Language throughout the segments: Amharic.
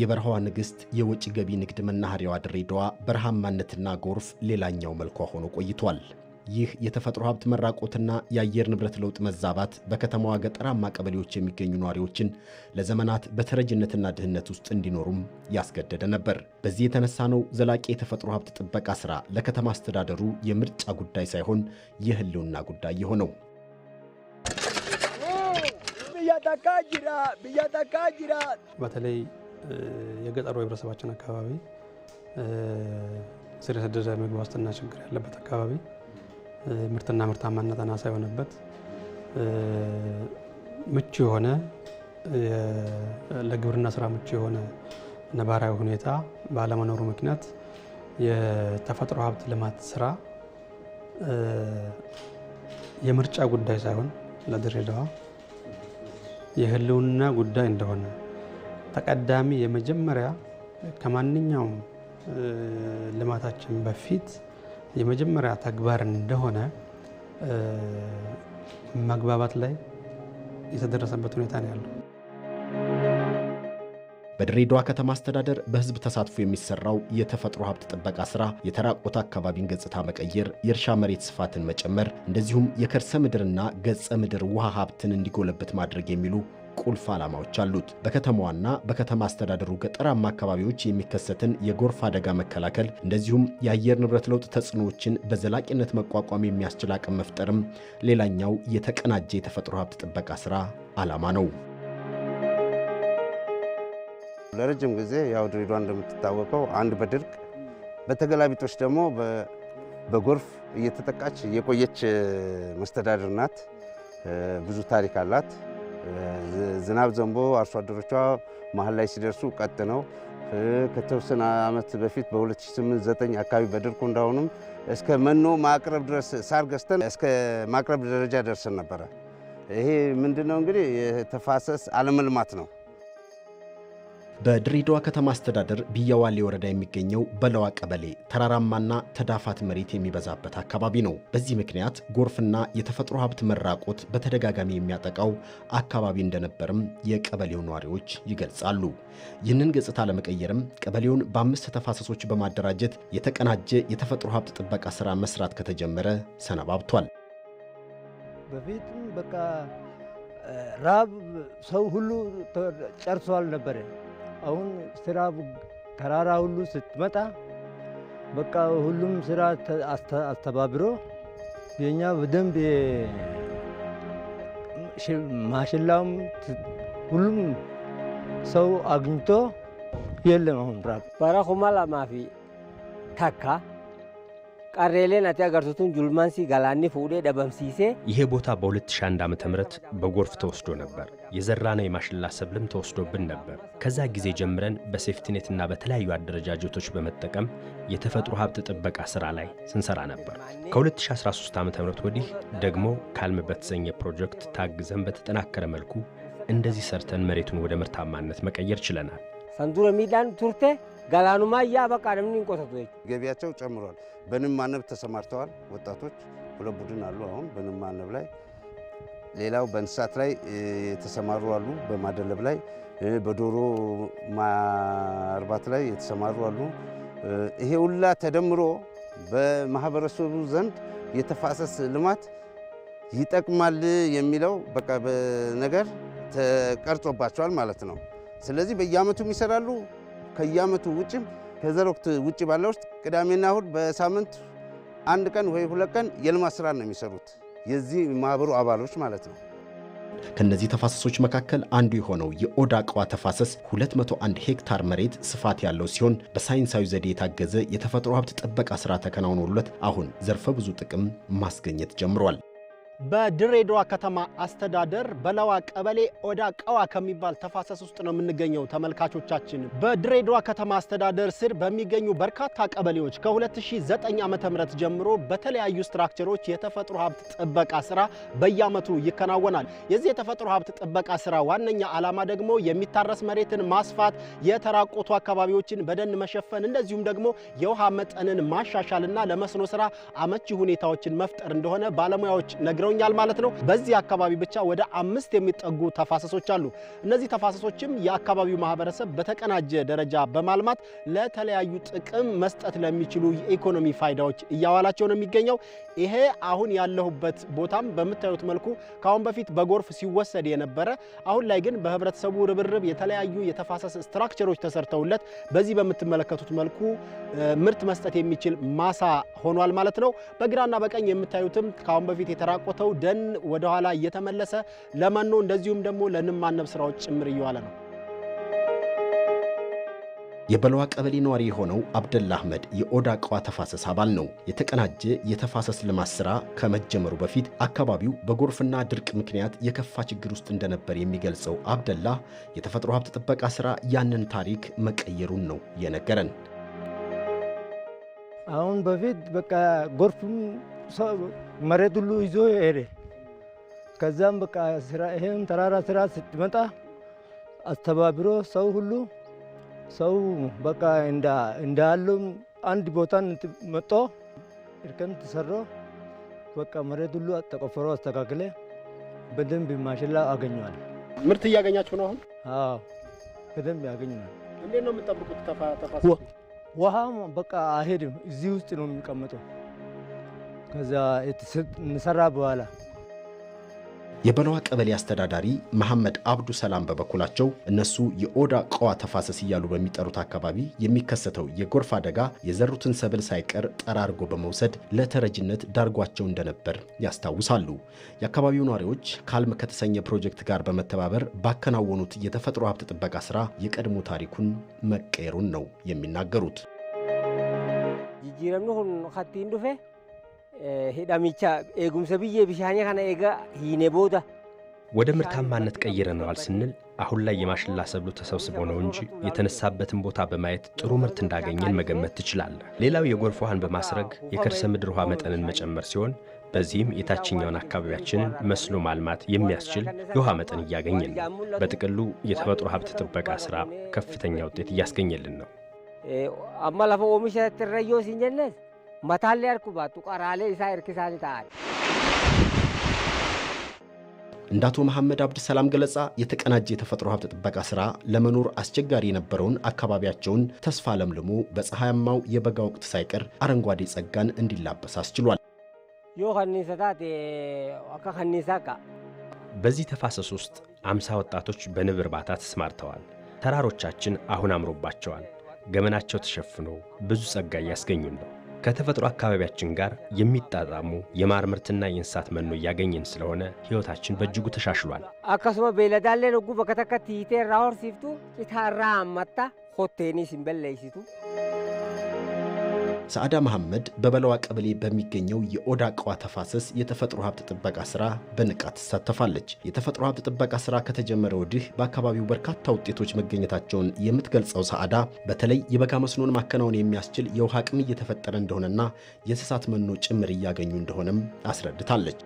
የበረሃዋ ንግሥት የውጭ ገቢ ንግድ መናኸሪያዋ ድሬዳዋ በረሃማነትና ጎርፍ ሌላኛው መልኳ ሆኖ ቆይቷል። ይህ የተፈጥሮ ሀብት መራቆትና የአየር ንብረት ለውጥ መዛባት በከተማዋ ገጠራማ ቀበሌዎች የሚገኙ ነዋሪዎችን ለዘመናት በተረጅነትና ድህነት ውስጥ እንዲኖሩም ያስገደደ ነበር። በዚህ የተነሳ ነው ዘላቂ የተፈጥሮ ሀብት ጥበቃ ሥራ ለከተማ አስተዳደሩ የምርጫ ጉዳይ ሳይሆን የህልውና ጉዳይ የሆነው። በተለይ የገጠሩ ህብረተሰባችን አካባቢ ስር የሰደደ ምግብ ዋስትና ችግር ያለበት አካባቢ ምርትና ምርታማነት አናሳ የሆነበት ምቹ የሆነ ለግብርና ስራ ምቹ የሆነ ነባራዊ ሁኔታ ባለመኖሩ ምክንያት የተፈጥሮ ሀብት ልማት ስራ የምርጫ ጉዳይ ሳይሆን ለድሬዳዋ የህልውና ጉዳይ እንደሆነ ተቀዳሚ የመጀመሪያ ከማንኛውም ልማታችን በፊት የመጀመሪያ ተግባር እንደሆነ መግባባት ላይ የተደረሰበት ሁኔታ ነው ያለው። በድሬዳዋ ከተማ አስተዳደር በህዝብ ተሳትፎ የሚሰራው የተፈጥሮ ሀብት ጥበቃ ስራ የተራቆተ አካባቢን ገጽታ መቀየር፣ የእርሻ መሬት ስፋትን መጨመር፣ እንደዚሁም የከርሰ ምድርና ገጸ ምድር ውሃ ሀብትን እንዲጎለበት ማድረግ የሚሉ ቁልፍ ዓላማዎች አሉት። በከተማዋና በከተማ አስተዳደሩ ገጠራማ አካባቢዎች የሚከሰትን የጎርፍ አደጋ መከላከል እንደዚሁም የአየር ንብረት ለውጥ ተጽዕኖዎችን በዘላቂነት መቋቋም የሚያስችል አቅም መፍጠርም ሌላኛው የተቀናጀ የተፈጥሮ ሀብት ጥበቃ ስራ ዓላማ ነው። ለረጅም ጊዜ ያው ድሬዳዋ እንደምትታወቀው አንድ በድርቅ በተገላቢጦች ደግሞ በጎርፍ እየተጠቃች የቆየች መስተዳድር ናት። ብዙ ታሪክ አላት። ዝናብ ዘንቦ አርሶ አደሮቿ መሀል ላይ ሲደርሱ ቀጥ ነው። ከተወሰነ ዓመት በፊት በ2008/9 አካባቢ በድርቁ እንዳሁኑም እስከ መኖ ማቅረብ ድረስ ሳር ገዝተን እስከ ማቅረብ ደረጃ ደርሰን ነበረ። ይሄ ምንድነው እንግዲህ የተፋሰስ አለመልማት ነው። በድሬዳዋ ከተማ አስተዳደር ቢያዋሌ ወረዳ የሚገኘው በለዋ ቀበሌ ተራራማና ተዳፋት መሬት የሚበዛበት አካባቢ ነው። በዚህ ምክንያት ጎርፍና የተፈጥሮ ሀብት መራቆት በተደጋጋሚ የሚያጠቃው አካባቢ እንደነበርም የቀበሌው ነዋሪዎች ይገልጻሉ። ይህንን ገጽታ ለመቀየርም ቀበሌውን በአምስት ተፋሰሶች በማደራጀት የተቀናጀ የተፈጥሮ ሀብት ጥበቃ ስራ መስራት ከተጀመረ ሰነባብቷል። በፊትም በቃ ራብ ሰው ሁሉ ጨርሷል ነበረ አሁን ስራ ተራራ ሁሉ ስትመጣ በቃ ሁሉም ስራ አስተባብሮ የኛ በደንብ ማሽላውም ሁሉም ሰው አግኝቶ የለም አሁን ራ ባራ ለማፊ ተካ ቀሬሌ ናቲ አገርቱቱን ጁልማንሲ ጋላኒ ፉዴ ደበምሲሴ። ይሄ ቦታ በ2001 ዓ.ም በጎርፍ ተወስዶ ነበር። የዘራነው የማሽላ ሰብልም ተወስዶብን ነበር። ከዛ ጊዜ ጀምረን በሴፍቲኔትና በተለያዩ አደረጃጀቶች በመጠቀም የተፈጥሮ ሀብት ጥበቃ ስራ ላይ ስንሰራ ነበር። ከ2013 ዓ ም ወዲህ ደግሞ ካልም በተሰኘ ፕሮጀክት ታግዘን በተጠናከረ መልኩ እንደዚህ ሰርተን መሬቱን ወደ ምርታማነት መቀየር ችለናል። ሰንዱረ ሚዳን ቱርቴ ገላኑማ እያ በቃ ለምን ይንቆተቱ ገቢያቸው ጨምሯል። በንብ ማነብ ተሰማርተዋል ወጣቶች ሁለት ቡድን አሉ። አሁን በንብ ማነብ ላይ፣ ሌላው በእንስሳት ላይ የተሰማሩ አሉ። በማደለብ ላይ፣ በዶሮ ማርባት ላይ የተሰማሩ አሉ። ይሄ ሁላ ተደምሮ በማህበረሰቡ ዘንድ የተፋሰስ ልማት ይጠቅማል የሚለው በቃ ነገር ተቀርጾባቸዋል ማለት ነው። ስለዚህ በየአመቱም ይሰራሉ። ከየአመቱ ውጭም ከዘር ወቅት ውጭ ባለ ውስጥ ቅዳሜና እሁድ በሳምንት አንድ ቀን ወይ ሁለት ቀን የልማት ስራ ነው የሚሰሩት የዚህ ማህበሩ አባሎች ማለት ነው። ከነዚህ ተፋሰሶች መካከል አንዱ የሆነው የኦዳ አቅዋ ተፋሰስ 201 ሄክታር መሬት ስፋት ያለው ሲሆን በሳይንሳዊ ዘዴ የታገዘ የተፈጥሮ ሀብት ጥበቃ ስራ ተከናውኖለት አሁን ዘርፈ ብዙ ጥቅም ማስገኘት ጀምሯል። በድሬዳዋ ከተማ አስተዳደር በለዋ ቀበሌ ኦዳ ቀዋ ከሚባል ተፋሰስ ውስጥ ነው የምንገኘው። ተመልካቾቻችን በድሬዳዋ ከተማ አስተዳደር ስር በሚገኙ በርካታ ቀበሌዎች ከ2009 ም ጀምሮ በተለያዩ ስትራክቸሮች የተፈጥሮ ሀብት ጥበቃ ስራ በየዓመቱ ይከናወናል። የዚህ የተፈጥሮ ሀብት ጥበቃ ስራ ዋነኛ ዓላማ ደግሞ የሚታረስ መሬትን ማስፋት፣ የተራቆቱ አካባቢዎችን በደን መሸፈን፣ እንደዚሁም ደግሞ የውሃ መጠንን ማሻሻልና ለመስኖ ስራ አመቺ ሁኔታዎችን መፍጠር እንደሆነ ባለሙያዎች ነግረው ሆነውኛል ማለት ነው። በዚህ አካባቢ ብቻ ወደ አምስት የሚጠጉ ተፋሰሶች አሉ። እነዚህ ተፋሰሶችም የአካባቢው ማህበረሰብ በተቀናጀ ደረጃ በማልማት ለተለያዩ ጥቅም መስጠት ለሚችሉ የኢኮኖሚ ፋይዳዎች እያዋላቸው ነው የሚገኘው። ይሄ አሁን ያለሁበት ቦታም በምታዩት መልኩ ከአሁን በፊት በጎርፍ ሲወሰድ የነበረ አሁን ላይ ግን በህብረተሰቡ ርብርብ የተለያዩ የተፋሰስ ስትራክቸሮች ተሰርተውለት በዚህ በምትመለከቱት መልኩ ምርት መስጠት የሚችል ማሳ ሆኗል ማለት ነው። በግራና በቀኝ የምታዩትም ከአሁን በፊት የተራቆተ ተሰርተው ደን ወደኋላ እየተመለሰ ለመኖ እንደዚሁም ደግሞ ለንብ ማነብ ስራዎች ጭምር እየዋለ ነው። የበለዋ ቀበሌ ነዋሪ የሆነው አብደላ አህመድ የኦዳ ቋ ተፋሰስ አባል ነው። የተቀናጀ የተፋሰስ ልማት ስራ ከመጀመሩ በፊት አካባቢው በጎርፍና ድርቅ ምክንያት የከፋ ችግር ውስጥ እንደነበር የሚገልጸው አብደላ የተፈጥሮ ሀብት ጥበቃ ስራ ያንን ታሪክ መቀየሩን ነው የነገረን። አሁን በፊት በቃ ጎርፍም መሬት ሁሉ ይዞ ሄደ። ከዛም በቃ ይህም ተራራ ስራ ስትመጣ አስተባብሮ ሰው ሁሉ ሰው በቃ እንዳሉም አንድ ቦታን መጦ እርከን ተሰሮ በቃ መሬት ሁሉ ተቆፈሮ አስተካክለ በደንብ ማሽላ አገኘዋል። ምርት እያገኛችሁ ነው አሁን? አዎ በደንብ ያገኘዋል። እንዴት ነው የምጠብቁት? ተፋ ውሃ በቃ አይሄድም፣ እዚህ ውስጥ ነው የሚቀመጠው። እንሰራ በኋላ የበለዋ ቀበሌ አስተዳዳሪ መሐመድ አብዱ ሰላም በበኩላቸው እነሱ የኦዳ ቀዋ ተፋሰስ እያሉ በሚጠሩት አካባቢ የሚከሰተው የጎርፍ አደጋ የዘሩትን ሰብል ሳይቀር ጠራርጎ በመውሰድ ለተረጅነት ዳርጓቸው እንደነበር ያስታውሳሉ። የአካባቢው ነዋሪዎች ካልም ከተሰኘ ፕሮጀክት ጋር በመተባበር ባከናወኑት የተፈጥሮ ሀብት ጥበቃ ስራ የቀድሞ ታሪኩን መቀየሩን ነው የሚናገሩት። ሄዳሚቻ ኤጉምሰ ብዬ ብሻኔ kana ኤጋ ሂኔ ቦታ ወደ ምርታማነት ቀይረነዋል ስንል አሁን ላይ የማሽላ ሰብሉ ተሰብስቦ ነው እንጂ የተነሳበትን ቦታ በማየት ጥሩ ምርት እንዳገኘን መገመት ትችላለህ። ሌላው የጎርፍ ውሃን በማስረግ የከርሰ ምድር ውሃ መጠንን መጨመር ሲሆን በዚህም የታችኛውን አካባቢያችንን መስሎ ማልማት የሚያስችል የውሃ መጠን እያገኘን ነው። በጥቅሉ የተፈጥሮ ሀብት ጥበቃ ስራ ከፍተኛ ውጤት እያስገኘልን ነው። አማላፈ ኦሚሻ ትረዮ ሲንጀነት Mataan arkuba tuqaraalee isaa hirkisaa ta'al እንደ አቶ መሐመድ አብድ ሰላም ገለጻ የተቀናጀ የተፈጥሮ ሀብት ጥበቃ ስራ ለመኖር አስቸጋሪ የነበረውን አካባቢያቸውን ተስፋ ለምልሞ በፀሐያማው የበጋ ወቅት ሳይቀር አረንጓዴ ጸጋን እንዲላበስ አስችሏል። በዚህ ተፋሰስ ውስጥ አምሳ ወጣቶች በንብ እርባታ ተስማርተዋል። ተራሮቻችን አሁን አምሮባቸዋል። ገመናቸው ተሸፍኖ ብዙ ጸጋ እያስገኙን ነው። ከተፈጥሮ አካባቢያችን ጋር የሚጣጣሙ የማር ምርትና የእንስሳት መኖ እያገኘን ስለሆነ ህይወታችን በእጅጉ ተሻሽሏል። አካሱመ ቤለዳሌ ለጉ በከተከት ይቴ ራሆር ሲፍቱ ጭታራ አመታ ሆቴኒ ሲንበለይሲቱ ሰዓዳ መሐመድ በበለዋ ቀበሌ በሚገኘው የኦዳ ቀዋ ተፋሰስ የተፈጥሮ ሀብት ጥበቃ ስራ በንቃት ትሳተፋለች። የተፈጥሮ ሀብት ጥበቃ ስራ ከተጀመረ ወዲህ በአካባቢው በርካታ ውጤቶች መገኘታቸውን የምትገልጸው ሰዓዳ በተለይ የበጋ መስኖን ማከናወን የሚያስችል የውሃ አቅም እየተፈጠረ እንደሆነና የእንስሳት መኖ ጭምር እያገኙ እንደሆነም አስረድታለች።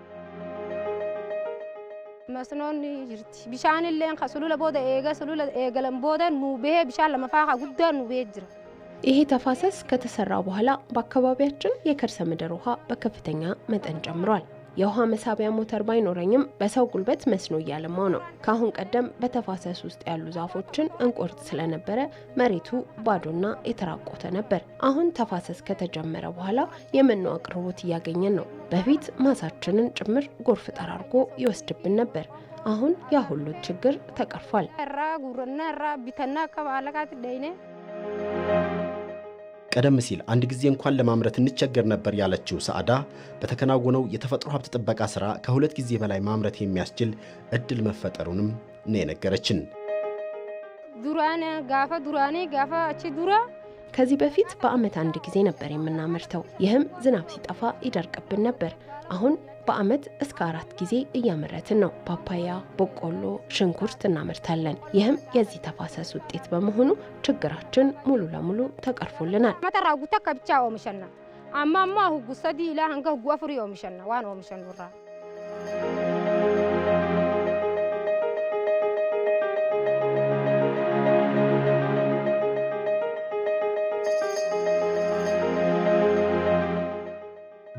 መስኖን ይርቲ ቢሻን ለን ከሱሉለ ቦደ ኤገ ሱሉለ ኤገለን ቦደ ኑቤ ቢሻን ለመፋ ጉዳ ጅራ ይሄ ተፋሰስ ከተሰራ በኋላ በአካባቢያችን የከርሰ ምድር ውሃ በከፍተኛ መጠን ጨምሯል። የውሃ መሳቢያ ሞተር ባይኖረኝም በሰው ጉልበት መስኖ እያለማው ነው። ከአሁን ቀደም በተፋሰስ ውስጥ ያሉ ዛፎችን እንቆርጥ ስለነበረ መሬቱ ባዶና የተራቆተ ነበር። አሁን ተፋሰስ ከተጀመረ በኋላ የመኖ አቅርቦት እያገኘን ነው። በፊት ማሳችንን ጭምር ጎርፍ ጠራርጎ ይወስድብን ነበር። አሁን ያ ሁሉ ችግር ተቀርፏል። ራ ጉርና ራ ቢተና ከባለቃት ደይኔ ቀደም ሲል አንድ ጊዜ እንኳን ለማምረት እንቸገር ነበር ያለችው ሰዓዳ በተከናወነው የተፈጥሮ ሀብት ጥበቃ ሥራ ከሁለት ጊዜ በላይ ማምረት የሚያስችል እድል መፈጠሩንም ነው የነገረችን። ዱራኔ ዱራኔ ዱራ ከዚህ በፊት በዓመት አንድ ጊዜ ነበር የምናመርተው። ይህም ዝናብ ሲጠፋ ይደርቅብን ነበር። አሁን በአመት እስከ አራት ጊዜ እያመረትን ነው። ፓፓያ፣ በቆሎ፣ ሽንኩርት እናመርታለን። ይህም የዚህ ተፋሰስ ውጤት በመሆኑ ችግራችን ሙሉ ለሙሉ ተቀርፎልናል። መጠራ ጉታ ከብቻ ኦምሸና አማማ ሁጉሰዲ ለአንገ ጉ አፍሪ ኦምሸና ዋን ኦምሸኑራ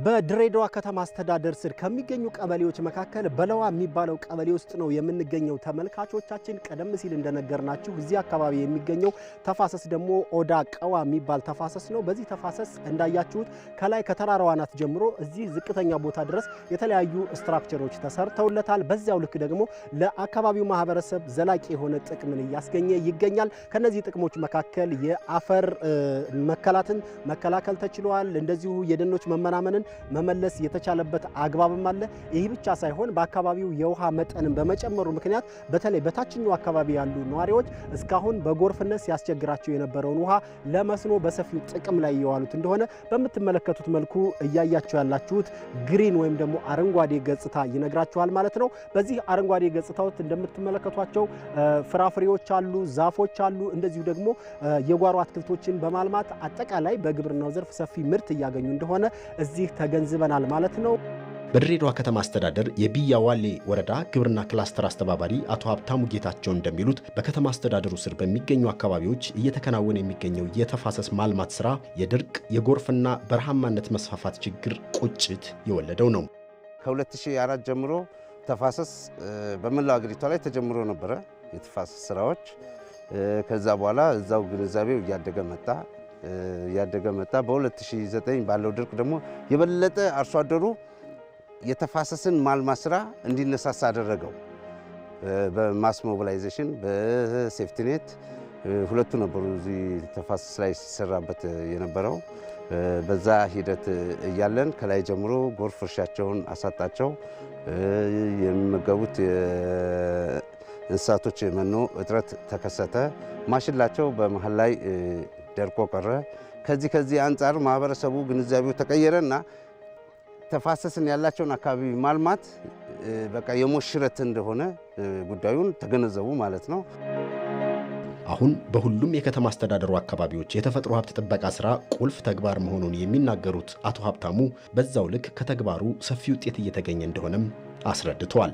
በድሬዳዋ ከተማ አስተዳደር ስር ከሚገኙ ቀበሌዎች መካከል በለዋ የሚባለው ቀበሌ ውስጥ ነው የምንገኘው። ተመልካቾቻችን ቀደም ሲል እንደነገርናችሁ እዚህ አካባቢ የሚገኘው ተፋሰስ ደግሞ ኦዳ ቀዋ የሚባል ተፋሰስ ነው። በዚህ ተፋሰስ እንዳያችሁት ከላይ ከተራራው አናት ጀምሮ እዚህ ዝቅተኛ ቦታ ድረስ የተለያዩ ስትራክቸሮች ተሰርተውለታል። በዚያው ልክ ደግሞ ለአካባቢው ማህበረሰብ ዘላቂ የሆነ ጥቅምን እያስገኘ ይገኛል። ከነዚህ ጥቅሞች መካከል የአፈር መከላትን መከላከል ተችሏል። እንደዚሁ የደኖች መመናመንን መመለስ የተቻለበት አግባብም አለ። ይህ ብቻ ሳይሆን በአካባቢው የውሃ መጠንን በመጨመሩ ምክንያት በተለይ በታችኛው አካባቢ ያሉ ነዋሪዎች እስካሁን በጎርፍነት ሲያስቸግራቸው የነበረውን ውሃ ለመስኖ በሰፊው ጥቅም ላይ የዋሉት እንደሆነ በምትመለከቱት መልኩ እያያቸው ያላችሁት ግሪን ወይም ደግሞ አረንጓዴ ገጽታ ይነግራችኋል ማለት ነው። በዚህ አረንጓዴ ገጽታዎት እንደምትመለከቷቸው ፍራፍሬዎች አሉ፣ ዛፎች አሉ። እንደዚሁ ደግሞ የጓሮ አትክልቶችን በማልማት አጠቃላይ በግብርናው ዘርፍ ሰፊ ምርት እያገኙ እንደሆነ እዚህ ተገንዝበናል ማለት ነው። በድሬዳዋ ከተማ አስተዳደር የቢያ ዋሌ ወረዳ ግብርና ክላስተር አስተባባሪ አቶ ሀብታሙ ጌታቸው እንደሚሉት በከተማ አስተዳደሩ ስር በሚገኙ አካባቢዎች እየተከናወነ የሚገኘው የተፋሰስ ማልማት ስራ የድርቅ የጎርፍና በረሃማነት መስፋፋት ችግር ቁጭት የወለደው ነው። ከ2004 ጀምሮ ተፋሰስ በመላው አገሪቷ ላይ ተጀምሮ ነበረ የተፋሰስ ስራዎች። ከዛ በኋላ እዛው ግንዛቤው እያደገ መጣ። ያደገ መጣ። በ2009 ባለው ድርቅ ደግሞ የበለጠ አርሶ አደሩ የተፋሰስን ማልማት ስራ እንዲነሳሳ አደረገው። በማስ ሞቢላይዜሽን በሴፍቲኔት ሁለቱ ነበሩ እዚህ ተፋሰስ ላይ ሲሰራበት የነበረው። በዛ ሂደት እያለን ከላይ ጀምሮ ጎርፍ እርሻቸውን አሳጣቸው። የሚመገቡት እንስሳቶች መኖ እጥረት ተከሰተ። ማሽላቸው በመሀል ላይ ደርቆ ቀረ። ከዚህ ከዚህ አንጻር ማህበረሰቡ ግንዛቤው ተቀየረና ተፋሰስን ያላቸውን አካባቢ ማልማት በቃ የሞሽረት እንደሆነ ጉዳዩን ተገነዘቡ ማለት ነው። አሁን በሁሉም የከተማ አስተዳደሩ አካባቢዎች የተፈጥሮ ሀብት ጥበቃ ስራ ቁልፍ ተግባር መሆኑን የሚናገሩት አቶ ሀብታሙ በዛው ልክ ከተግባሩ ሰፊ ውጤት እየተገኘ እንደሆነም አስረድተዋል።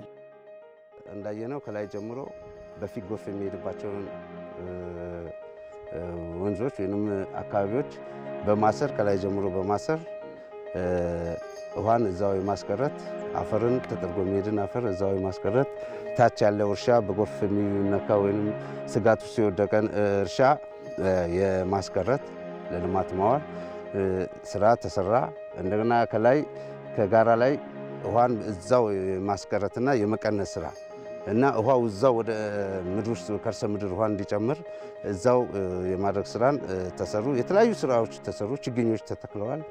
እንዳየነው ከላይ ጀምሮ በፊት ጎፍ የሚሄድባቸውን ወንዞች ወይም አካባቢዎች በማሰር ከላይ ጀምሮ በማሰር ውሃን እዛው የማስቀረት አፈርን ተጠርጎ የሚሄድን አፈር እዛው የማስቀረት ታች ያለው እርሻ በጎርፍ የሚነካ ወይም ስጋት ውስጥ የወደቀን እርሻ የማስቀረት ለልማት ማዋል ስራ ተሰራ። እንደገና ከላይ ከጋራ ላይ ውሃን እዛው የማስቀረትና የመቀነስ ስራ እና ውሃው እዛው ወደ ምድር ከርሰ ምድር ውሃ እንዲጨምር እዛው የማድረግ ስራን ተሰሩ። የተለያዩ ስራዎች ተሰሩ። ችግኞች ተተክለዋል።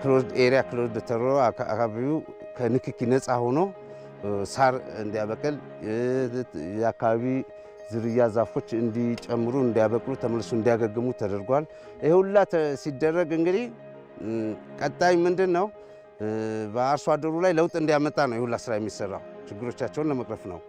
ክሎዝድ ኤሪያ ክሎዝድ ተሮ አካባቢው ከንክኪ ነፃ ሆኖ ሳር እንዲያበቅል የአካባቢ ዝርያ ዛፎች እንዲጨምሩ እንዲያበቅሉ ተመልሶ እንዲያገግሙ ተደርጓል። ይህ ሁላ ሲደረግ እንግዲህ ቀጣይ ምንድን ነው በአርሶ አደሩ ላይ ለውጥ እንዲያመጣ ነው የሁላ ስራ የሚሰራው፣ ችግሮቻቸውን ለመቅረፍ ነው።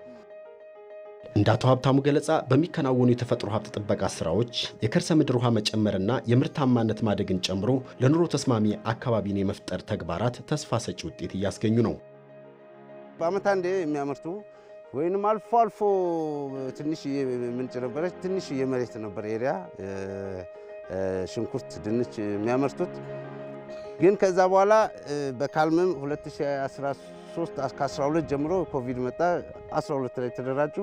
እንደ አቶ ሀብታሙ ገለጻ በሚከናወኑ የተፈጥሮ ሀብት ጥበቃ ስራዎች የከርሰ ምድር ውሃ መጨመርና የምርታማነት ማደግን ጨምሮ ለኑሮ ተስማሚ አካባቢን የመፍጠር ተግባራት ተስፋ ሰጪ ውጤት እያስገኙ ነው። በአመት አንዴ የሚያመርቱ ወይንም አልፎ አልፎ ትንሽ ምንጭ ነበረች፣ ትንሽ የመሬት ነበር ኤሪያ ሽንኩርት፣ ድንች የሚያመርቱት ግን ከዛ በኋላ በካልምም 2013 ከ12 ጀምሮ ኮቪድ መጣ። 12 ላይ የተደራጁ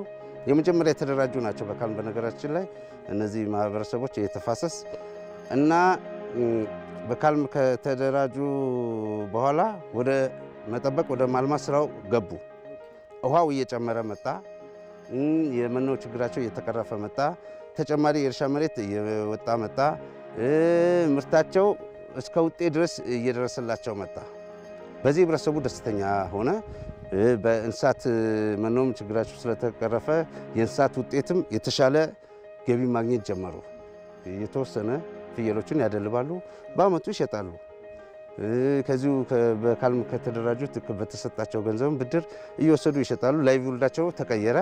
የመጀመሪያ የተደራጁ ናቸው በካልም በነገራችን ላይ እነዚህ ማህበረሰቦች የተፋሰስ እና በካልም ከተደራጁ በኋላ ወደ መጠበቅ ወደ ማልማት ስራው ገቡ። ውሃው እየጨመረ መጣ። የመኖ ችግራቸው እየተቀረፈ መጣ። ተጨማሪ የእርሻ መሬት እየወጣ መጣ ምርታቸው እስከ ውጤት ድረስ እየደረሰላቸው መጣ። በዚህ ህብረተሰቡ ደስተኛ ሆነ። በእንስሳት መኖም ችግራቸው ስለተቀረፈ የእንስሳት ውጤትም የተሻለ ገቢ ማግኘት ጀመሩ። የተወሰነ ፍየሎችን ያደልባሉ፣ በአመቱ ይሸጣሉ። ከዚሁ በካልም ከተደራጁት በተሰጣቸው ገንዘብ ብድር እየወሰዱ ይሸጣሉ። ላይቭ ውልዳቸው ተቀየረ።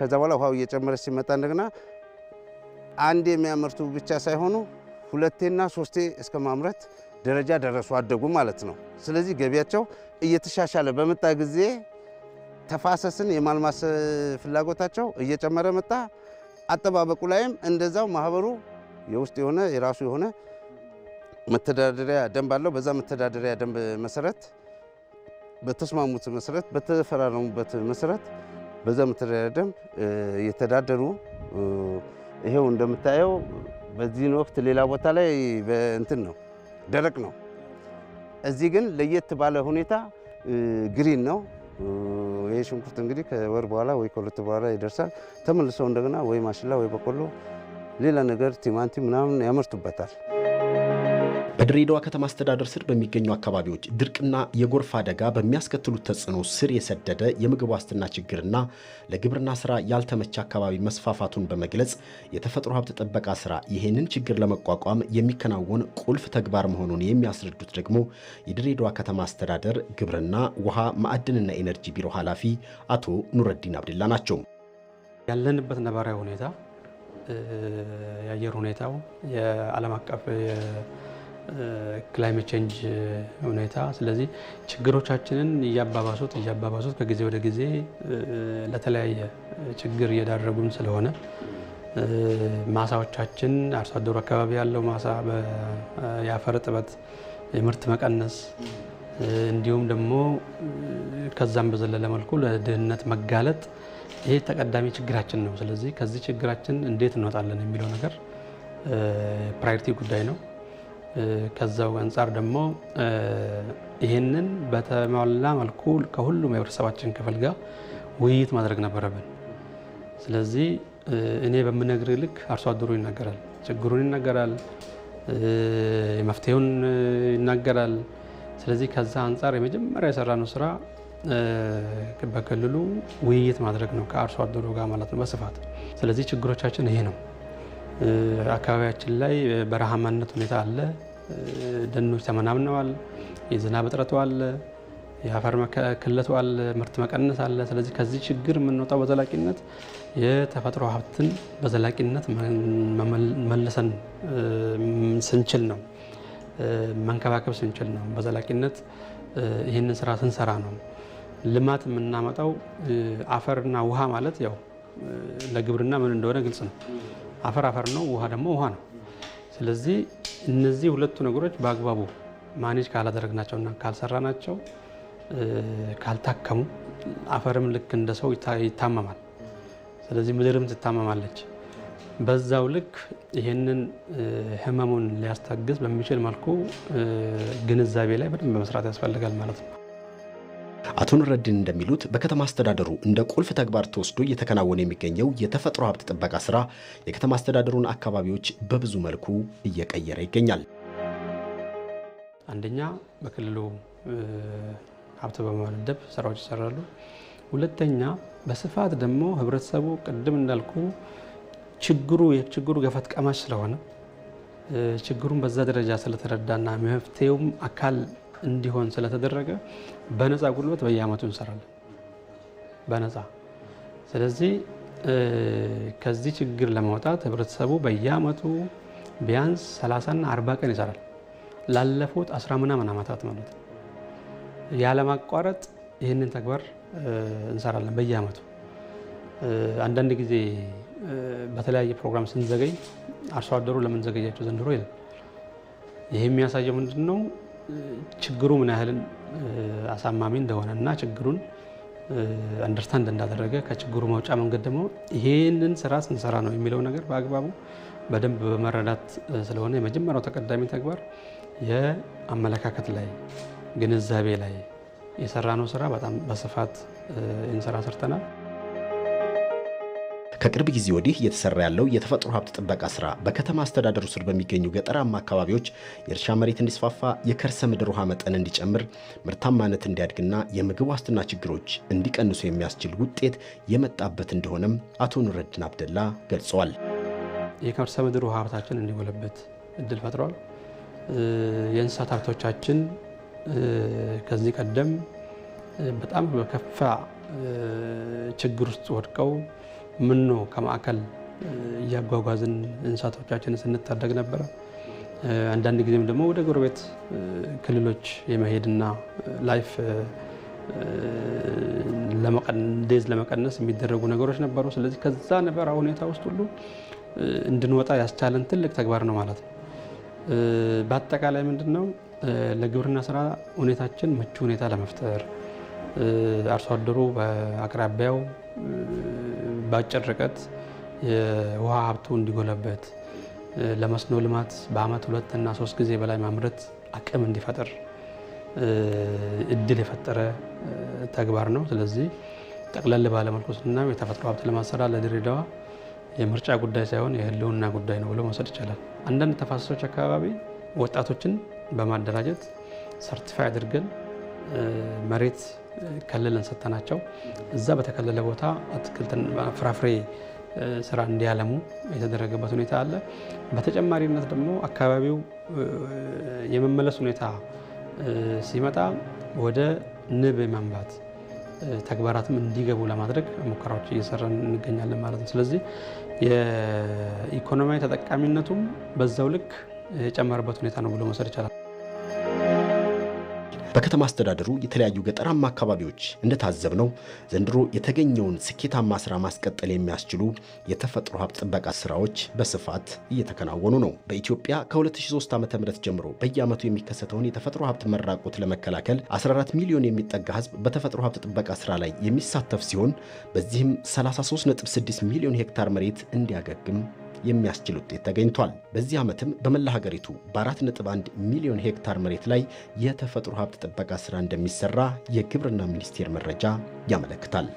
ከዛ በኋላ ውሃው እየጨመረ ሲመጣ እንደገና አንድ የሚያመርቱ ብቻ ሳይሆኑ ሁለቴና ሶስቴ እስከ ማምረት ደረጃ ደረሱ አደጉ ማለት ነው። ስለዚህ ገቢያቸው እየተሻሻለ በመጣ ጊዜ ተፋሰስን የማልማስ ፍላጎታቸው እየጨመረ መጣ። አጠባበቁ ላይም እንደዛው ማህበሩ የውስጥ የሆነ የራሱ የሆነ መተዳደሪያ ደንብ አለው። በዛ መተዳደሪያ ደንብ መሰረት በተስማሙት መሰረት በተፈራረሙበት መሰረት በዛ መተዳደሪያ ደንብ እየተዳደሩ ይሄው እንደምታየው በዚህን ወቅት ሌላ ቦታ ላይ እንትን ነው ደረቅ ነው። እዚህ ግን ለየት ባለ ሁኔታ ግሪን ነው። ይህ ሽንኩርት እንግዲህ ከወር በኋላ ወይ ከሁለት በኋላ ይደርሳል። ተመልሶ እንደገና ወይ ማሽላ ወይ በቆሎ ሌላ ነገር ቲማቲም ምናምን ያመርቱበታል። በድሬዳዋ ከተማ አስተዳደር ስር በሚገኙ አካባቢዎች ድርቅና የጎርፍ አደጋ በሚያስከትሉት ተጽዕኖ ስር የሰደደ የምግብ ዋስትና ችግርና ለግብርና ስራ ያልተመቸ አካባቢ መስፋፋቱን በመግለጽ የተፈጥሮ ሀብት ጥበቃ ስራ ይህንን ችግር ለመቋቋም የሚከናወን ቁልፍ ተግባር መሆኑን የሚያስረዱት ደግሞ የድሬዳዋ ከተማ አስተዳደር ግብርና፣ ውሃ፣ ማዕድንና ኢነርጂ ቢሮ ኃላፊ አቶ ኑረዲን አብድላ ናቸው። ያለንበት ነባራዊ ሁኔታ የአየር ሁኔታው የዓለም አቀፍ ክላይሜት ቼንጅ ሁኔታ። ስለዚህ ችግሮቻችንን እያባባሱት እያባባሱት ከጊዜ ወደ ጊዜ ለተለያየ ችግር እየዳረጉን ስለሆነ ማሳዎቻችን አርሶ አደሩ አካባቢ ያለው ማሳ የአፈር እጥበት፣ የምርት መቀነስ እንዲሁም ደግሞ ከዛም በዘለለ መልኩ ለድህነት መጋለጥ ይሄ ተቀዳሚ ችግራችን ነው። ስለዚህ ከዚህ ችግራችን እንዴት እንወጣለን የሚለው ነገር ፕራዮሪቲ ጉዳይ ነው። ከዛው አንጻር ደግሞ ይህንን በተሟላ መልኩ ከሁሉም የህብረተሰባችን ክፍል ጋር ውይይት ማድረግ ነበረብን። ስለዚህ እኔ በምነግር ልክ አርሶ አደሩ ይናገራል፣ ችግሩን ይናገራል፣ መፍትሄውን ይናገራል። ስለዚህ ከዛ አንጻር የመጀመሪያ የሰራነው ስራ በክልሉ ውይይት ማድረግ ነው ከአርሶ አደሩ ጋር ማለት ነው በስፋት። ስለዚህ ችግሮቻችን ይሄ ነው። አካባቢያችን ላይ በረሃማነት ሁኔታ አለ። ደኖች ተመናምነዋል። የዝናብ እጥረቱ አለ፣ የአፈር ክለቱ አለ፣ ምርት መቀነስ አለ። ስለዚህ ከዚህ ችግር የምንወጣው በዘላቂነት የተፈጥሮ ሀብትን በዘላቂነት መልሰን ስንችል ነው፣ መንከባከብ ስንችል ነው። በዘላቂነት ይህንን ስራ ስንሰራ ነው ልማት የምናመጣው። አፈርና ውሃ ማለት ያው ለግብርና ምን እንደሆነ ግልጽ ነው። አፈር አፈር ነው፣ ውሃ ደግሞ ውሃ ነው። ስለዚህ እነዚህ ሁለቱ ነገሮች በአግባቡ ማኔጅ ካላደረግናቸው ካልሰራ ናቸው ካልታከሙ አፈርም ልክ እንደ ሰው ይታመማል። ስለዚህ ምድርም ትታመማለች። በዛው ልክ ይህንን ህመሙን ሊያስታግስ በሚችል መልኩ ግንዛቤ ላይ በደንብ መስራት ያስፈልጋል ማለት ነው። አቶ ኑረዲን እንደሚሉት በከተማ አስተዳደሩ እንደ ቁልፍ ተግባር ተወስዶ እየተከናወነ የሚገኘው የተፈጥሮ ሀብት ጥበቃ ስራ የከተማ አስተዳደሩን አካባቢዎች በብዙ መልኩ እየቀየረ ይገኛል። አንደኛ በክልሉ ሀብት በመመደብ ስራዎች ይሰራሉ። ሁለተኛ በስፋት ደግሞ ህብረተሰቡ ቅድም እንዳልኩ ችግሩ የችግሩ ገፈት ቀማሽ ስለሆነ ችግሩን በዛ ደረጃ ስለተረዳና መፍትሄውም አካል እንዲሆን ስለተደረገ በነፃ ጉልበት በየአመቱ እንሰራለን በነፃ። ስለዚህ ከዚህ ችግር ለማውጣት ህብረተሰቡ በየአመቱ ቢያንስ 30ና 40 ቀን ይሰራል። ላለፉት አስራ ምናምን ዓመታት ማለት ነው። ያለማቋረጥ ይህንን ተግባር እንሰራለን በየአመቱ። አንዳንድ ጊዜ በተለያየ ፕሮግራም ስንዘገይ አርሶ አደሩ ለምን ዘገያቸው ዘንድሮ ይላል። ይህ የሚያሳየው ምንድን ነው? ችግሩ ምን ያህልን አሳማሚ እንደሆነ እና ችግሩን አንደርስታንድ እንዳደረገ ከችግሩ መውጫ መንገድ ደግሞ ይሄንን ስራ ስንሰራ ነው የሚለው ነገር በአግባቡ በደንብ በመረዳት ስለሆነ የመጀመሪያው ተቀዳሚ ተግባር የአመለካከት ላይ ግንዛቤ ላይ የሰራነው ስራ በጣም በስፋት ስራ ሰርተናል። ከቅርብ ጊዜ ወዲህ እየተሰራ ያለው የተፈጥሮ ሀብት ጥበቃ ስራ በከተማ አስተዳደሩ ስር በሚገኙ ገጠራማ አካባቢዎች የእርሻ መሬት እንዲስፋፋ፣ የከርሰ ምድር ውሃ መጠን እንዲጨምር፣ ምርታማነት እንዲያድግና የምግብ ዋስትና ችግሮች እንዲቀንሱ የሚያስችል ውጤት የመጣበት እንደሆነም አቶ ኑረድን አብደላ ገልጸዋል። የከርሰ ምድር ውሃ ሀብታችን እንዲጎለበት እድል ፈጥሯል። የእንስሳት ሀብቶቻችን ከዚህ ቀደም በጣም በከፋ ችግር ውስጥ ወድቀው ምኖ ከማዕከል እያጓጓዝን እንስሳቶቻችን ስንታደግ ነበረ። አንዳንድ ጊዜም ደግሞ ወደ ጎረቤት ክልሎች የመሄድና ላይፍ ዴዝ ለመቀነስ የሚደረጉ ነገሮች ነበሩ። ስለዚህ ከዛ ነበራ ሁኔታ ውስጥ ሁሉ እንድንወጣ ያስቻለን ትልቅ ተግባር ነው ማለት ነው። በአጠቃላይ ምንድን ነው ለግብርና ስራ ሁኔታችን ምቹ ሁኔታ ለመፍጠር አርሶ አደሩ በአቅራቢያው በአጭር ርቀት የውሃ ሀብቱ እንዲጎለበት ለመስኖ ልማት በአመት ሁለት እና ሶስት ጊዜ በላይ ማምረት አቅም እንዲፈጥር እድል የፈጠረ ተግባር ነው። ስለዚህ ጠቅለል ባለመልኩ ስናየው የተፈጥሮ ሀብት ለማሰራት ለድሬዳዋ የምርጫ ጉዳይ ሳይሆን የህልውና ጉዳይ ነው ብሎ መውሰድ ይቻላል። አንዳንድ ተፋሰሶች አካባቢ ወጣቶችን በማደራጀት ሰርቲፋይ አድርገን መሬት ከልለን ሰተናቸው። እዛ በተከለለ ቦታ አትክልትን ፍራፍሬ ስራ እንዲያለሙ የተደረገበት ሁኔታ አለ። በተጨማሪነት ደግሞ አካባቢው የመመለስ ሁኔታ ሲመጣ ወደ ንብ የማንባት ተግባራትም እንዲገቡ ለማድረግ ሙከራዎች እየሰራን እንገኛለን ማለት ነው። ስለዚህ የኢኮኖሚያዊ ተጠቃሚነቱም በዛው ልክ የጨመረበት ሁኔታ ነው ብሎ መውሰድ ይቻላል። በከተማ አስተዳደሩ የተለያዩ ገጠራማ አካባቢዎች እንደታዘብነው ዘንድሮ የተገኘውን ስኬታማ ስራ ማስቀጠል የሚያስችሉ የተፈጥሮ ሀብት ጥበቃ ስራዎች በስፋት እየተከናወኑ ነው። በኢትዮጵያ ከ2003 ዓ ም ጀምሮ በየዓመቱ የሚከሰተውን የተፈጥሮ ሀብት መራቆት ለመከላከል 14 ሚሊዮን የሚጠጋ ህዝብ በተፈጥሮ ሀብት ጥበቃ ስራ ላይ የሚሳተፍ ሲሆን በዚህም 33.6 ሚሊዮን ሄክታር መሬት እንዲያገግም የሚያስችል ውጤት ተገኝቷል። በዚህ ዓመትም በመላ ሀገሪቱ በ4.1 ሚሊዮን ሄክታር መሬት ላይ የተፈጥሮ ሀብት ጥበቃ ስራ እንደሚሰራ የግብርና ሚኒስቴር መረጃ ያመለክታል።